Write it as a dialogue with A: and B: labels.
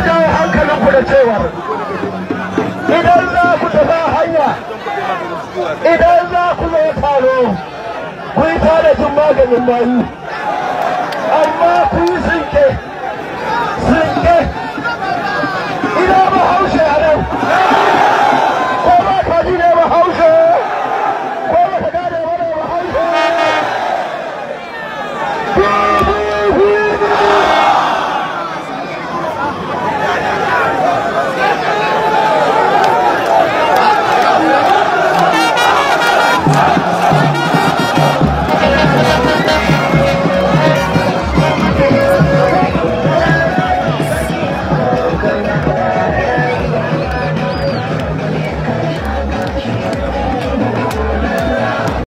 A: jawo hankalinku da cewar idan za ku tafi hanya idan za ku zo taro ku yi tanajin maganin
B: mayu amma ku yi sinke sinke ina bahaushe a nan ko ne ko ne